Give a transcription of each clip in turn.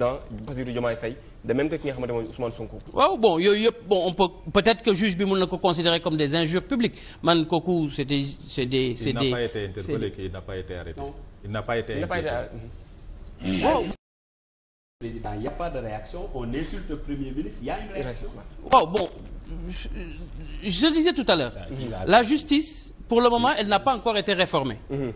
président Bassirou Diomaye Faye de même que ki nga xamante mooy Ousmane Sonko. waaw bon yooyu yëpp bon on peut peut-être que juge bi mën na ko considérer comme des injures publiques man kooku c'était c'est des c'est des. il n'a n'a pas été arrêté. il n'a pas été mmh. président il y a pas de réaction on insulte le premier ministre il y bon je, je disais tout à l'heure la justice pour le moment elle n'a pas encore été réformée. Mmh.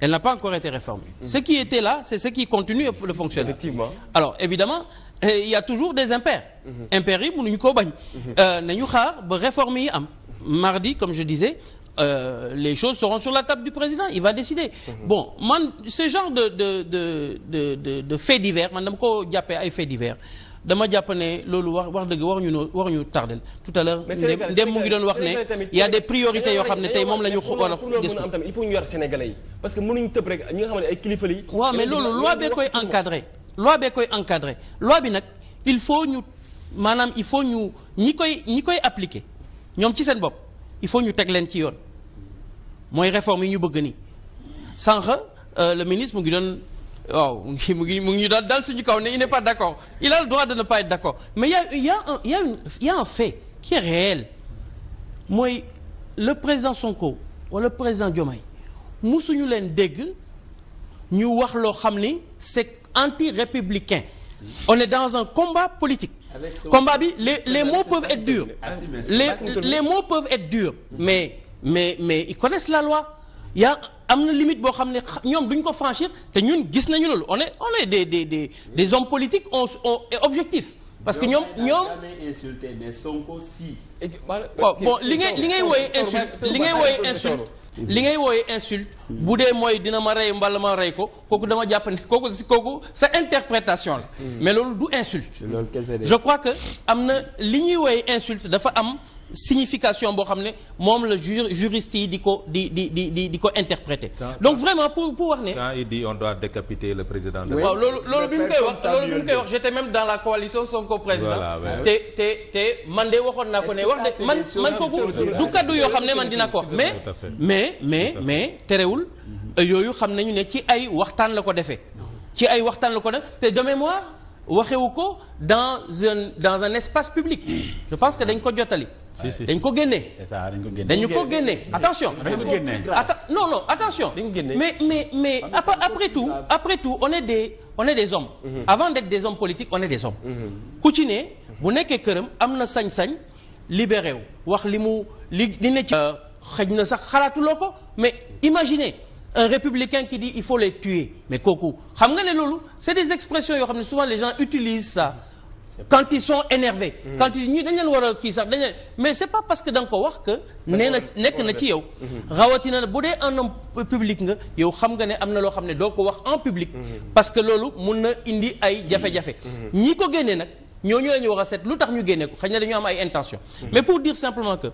Elle n'a pas encore été réformée. Mm. Ce qui était là, c'est ce qui continue le fonctionnement. Effectivement. Alors, évidemment, euh, il y a toujours des impairs. Mm-hmm. impairs yi mënuñu koo bañ. Mm-hmm. Euh, nañu xaar ba réforme yi am. mardi comme je disais euh, les choses seront sur la table du président il va décider. Mm-hmm. man ce genre de de de de de, de faits divers man dama ko jàppee ay faits divers. dama jàpp ne loolu wax wax dëgg waruñu noo waruñu tardel tout à l'heure ndem mu ngi doon wax ne y a des yoo xam ne tey moom la ñu war a am ne ay kilifa yi waaw mais loolu loi bee koy encadré loi bee koy encadré loi bi nag il faut ñu maanaam il faut ñu ñi koy ñi koy appliquer ñoom ci seen bopp il faut ñu teg leen ci yoon mooy réforme yi ñu bëgg nii sànq euh, le ministre mu ngi doon waaw mu ngi mu ngi mu ngi daal suñu kaw ne il n'est pas d'accord il a le droit de ne pas être d'accord mais il y a il y a un il y fait qui est réel mooy le président Sonko wala le président Diomaye musuñu leen dégg ñu wax loo xam ni c'est anti-républicain on est dans un combat politique. combat bi les les mots peuvent être durs. Ah, les les mots peuvent être durs. mais mais mais ils connaissent la loi. yaa am na limite boo xam ne ñoom duñ ko franchir te ñun gis nañu loolu on est on est des des des des hommes politiques on on est objectif parce que ñoom ñoom waaw bon li nga li ngay wooye insulte li ngay wooye insulte li ngay wooye insulte bu dee mooy dina ma rey mbala ma rey ko kooku dama jàpp ne kooku kooku sa interprétation la hmm. mais loolu du insulte je crois que am na li ñuy wooye insulte dafa am signification boo xam ne moom la ju yi di ko di di di di di ko interpréter. donc vraiment pour pour wax ne. quand il dit on de waaw loolu bi mu koy wax loolu bi mu koy wax j'étais même dans la coalition Sonko président. te man de waxoon naa ko ne wax de man man du kaddu yoo xam ne man dina ko wax mais mais mais mais terewul. yooyu xam nañu ne ci ay waxtaan la ko defee. ci ay waxtaan la ko def te de mémoire. waxewu ko dans un dans un espace public je pense que dañ ko jottali dañ ko génnee dañu ko génnee attention non non attention mais mais mais ah, après tout après tout on est des on est des hommes mhm. avant d'être des hommes politiques on est des hommes mhm. ku ci ne bu nekkee këram am na sañ-sañ libéré wu wax li mu li li ne ci euh, xëj na sax xalaatuloo ko mais imaginer un républicain qui dit il faut les tuer mais kooku xam nga ne loolu c'est des expressions yoo xam ne souvent les gens utilisent ça quand ils sont énervés mmh. quand ñii dañ leen war a kii sax dañ mais c'est pas parce que da ko wax que nee na nekk na ci yow mm-hmm. Mm-hmm. rawatina na bu dee un homme publique nga yow xam nga ne am na loo xam ne doo ko wax en public mm-hmm. parce que loolu mun na indi ay jafe-jafe ñii ko génnee nag ñoo la ñu wax a seet lu tax ñu génnee ko xëy na dañu am ay intention mais pour dire que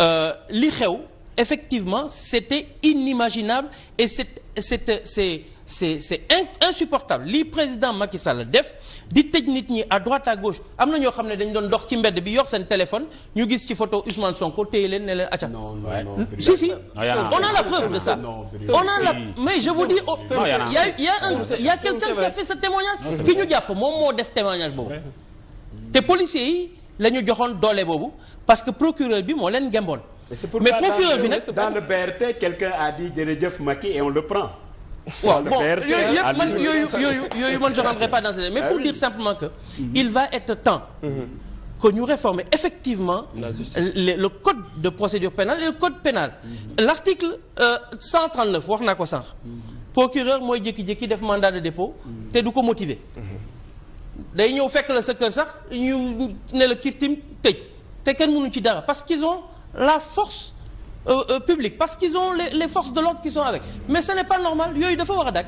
euh, li xew effectivement c'était inimaginable et c'est c'est c'est c'est c'est insupportable lii président Macky Sall def di tëj nit ñi à droite à gauche am na ñoo xam ne dañ doon dox ci mbedd bi yor seen téléphone ñu gis ci photo Ousmane Sonko téye leen ne leen acca si si on a la preuve de ça on a la mais je vous dis oh, y a y a un quelqu'un qui fait ce témoignage ki ñu jàpp moom moo def témoignage boobu te policiers yi la ñu joxoon doole boobu parce que procureur bi moo leen gemboon mais procureur bi nag dans le BRT quelqu'un a dit jërëjëf Macky et on le prend. yooyu yooyu yooyu yooyu man je rentrerai pas dans ce mais ah pour dire simplement que. Mhm. il va être temps. Mhm. que ñu réformer effectivement. le code de procédure pénale et le code pénal. Mhm. l'article 139 euh, wax naa ko sànq. procureur mooy jékki-jékki def mandat de dépôt. te du ko motiver. day ñëw fekk la sa kër sax ñu ne la kirtim tëj te kenn mënu ci dara parce qu'ils ont. la force euh, euh, publique parce qu'ils ont les, les forces de l'ordre qui sont avec mais ce n'est pas normal yooyu dafa war a dak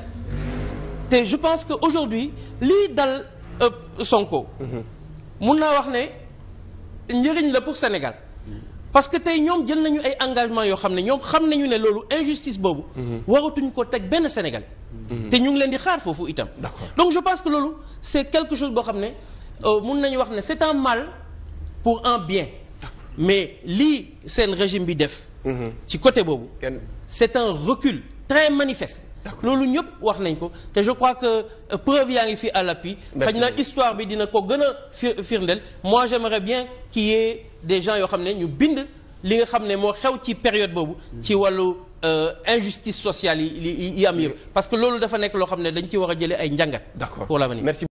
te je pense que aujourd'hui lii dal euh, Sonko mun naa wax ne njëriñ la pour Sénégal parce que tey ñoom jël nañu ay engagement yoo xam ne ñoom xam nañu ne loolu injustice boobu waratuñ ko teg benn Sénégal te ñu ngi leen di xaar foofu itam donc je pense que loolu c'est quelque chose boo xam ne euh, mun nañu wax ne c'est un mal pour un bien mais lii seen régime bi def. Mhm. ci côté boobu. c'est un recul très manifeste. loolu ñëpp wax nañ ko te je crois que euh, preuve yaa ngi fi à l'appui. xëy na histoire bi dina ko gën a firndeel. moi j'aimerais bien qu'il y ait des gens yoo xam ne ñu bind li nga xam ne moo xew ci période boobu. Mhm. ci wàllu euh, injustice sociale yi yi am yëpp. parce que loolu dafa nekk loo xam ne dañ ci war a jële ay njàngat. pour l'avenir merci.